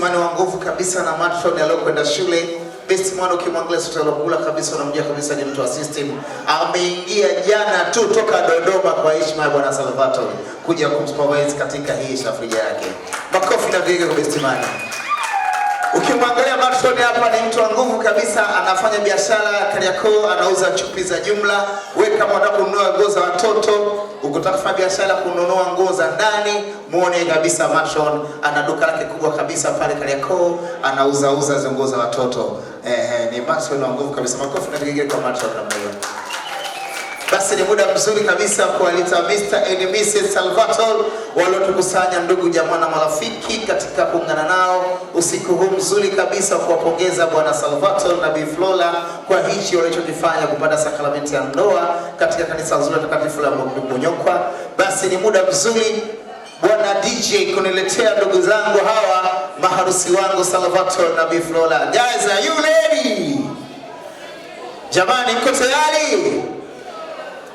mwana wa nguvu kabisa na Matron aliyokwenda shule. Best man ukimwangalia sura alokula kabisa unamjua kabisa ni mtu wa system. Ameingia jana tu toka Dodoma kwa heshima ya Bwana Salvatore kuja kumsupervise katika hii safari yake. Makofi na vigezo kwa best man. Ukimwangalia Matron hapa ni mtu wa nguvu kabisa, anafanya biashara Kariakoo, anauza chupi za jumla. Wewe kama unataka kununua nguo watoto Ukitaka kufanya biashara kununua nguo za ndani, muone kabisa Mashon ana duka lake kubwa kabisa pale Kariakoo, anauzauza nguo za watoto. Eh, eh, ni Mashon wa nguvu kabisa. Makofi na vigelegele kwa Mashon namna hiyo basi ni muda mzuri kabisa kualita Mr. and Mrs. Salvatore waliotukusanya ndugu jamaa na marafiki katika kuungana nao usiku huu mzuri kabisa kuwapongeza Bwana Salvatore na Bi Flora kwa hichi walichokifanya kupata sakramenti ya ndoa katika kanisa zuri la takatifu la Bonyokwa. Basi ni muda mzuri Bwana DJ kuniletea ndugu zangu hawa maharusi wangu Salvatore na Bi Flora. Guys, are you ready? Jamani, mko tayari?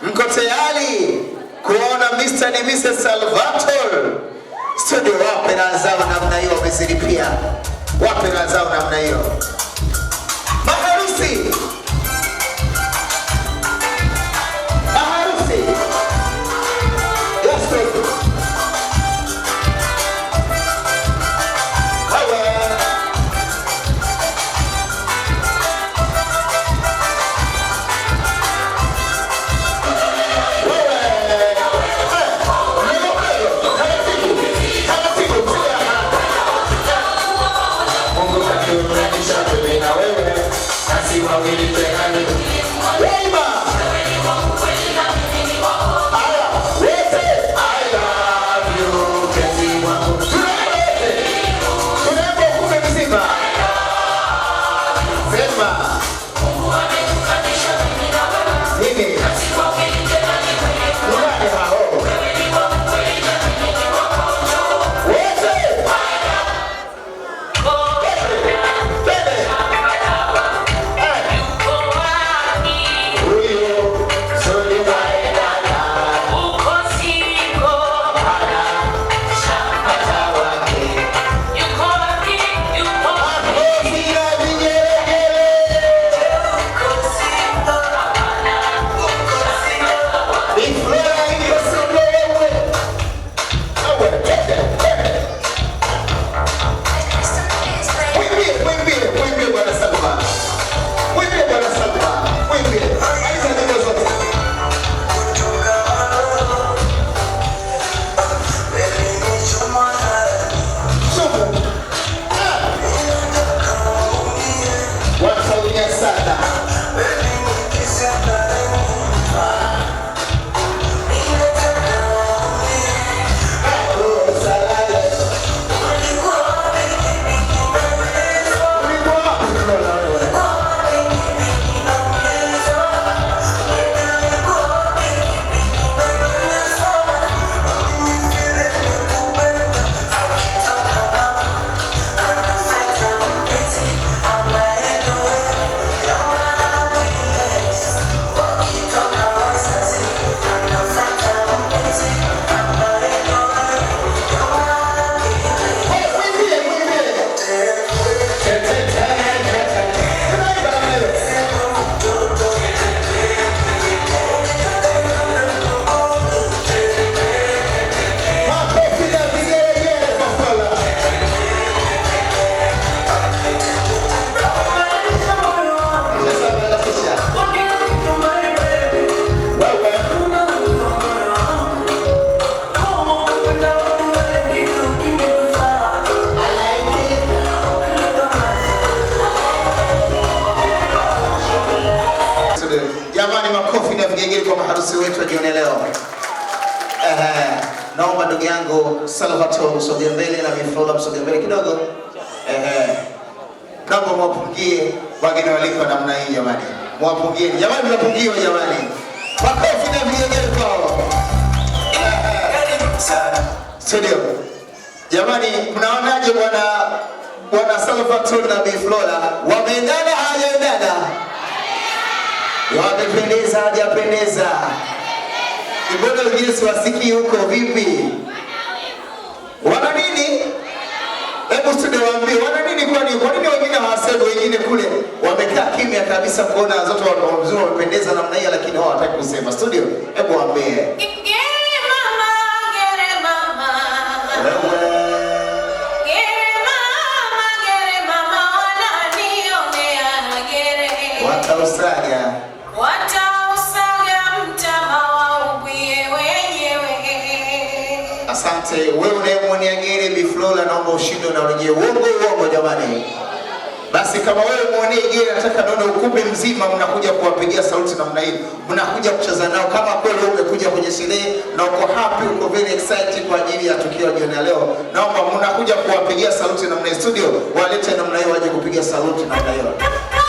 Mko tayari kuona Mr. ni Mrs. Salvatore studio? Wape raha zao namna hiyo, wamezilipia. Wape raha zao namna hiyo. I really 감사하다. Jamani, makofi na vigegele kwa maharusi wetu wa jioni leo. Eh, naomba ndugu yangu Salvatore msogee mbele na Mifola msogee mbele kidogo. Eh, naomba mwapungie wageni walipo namna hii jamani, mwapungie jamani, mwapungiwe jamani, makofi na vigegele kwao. Studio jamani, mnaonaje bwana bwana Salvatore na Mifula wameendana hawajaendana? Wamependeza hawajapendeza? Mbona Yesu wasikii huko vipi? Wana nini? Hebu tuende waambie wana nini kwani? Kwa nini wengine hawasemi, wengine kule wamekaa kimya kabisa kuona zote watu wazuri wamependeza namna hiyo lakini hawataki kusema. Studio, hebu waambie. say, wewe unayemwonea gere Biflola, naomba ushinde na urejee. Uongo uongo jamani. Basi kama wewe muonee gere, nataka naona ukumbi mzima mnakuja kuwapigia sauti namna hii, mnakuja kucheza nao kama kweli umekuja kwenye sherehe na uko happy, uko very excited kwa ajili ya tukio jioni ya leo, naomba mnakuja kuwapigia sauti namna hii. Studio walete namna hiyo, waje kupiga sauti namna hiyo.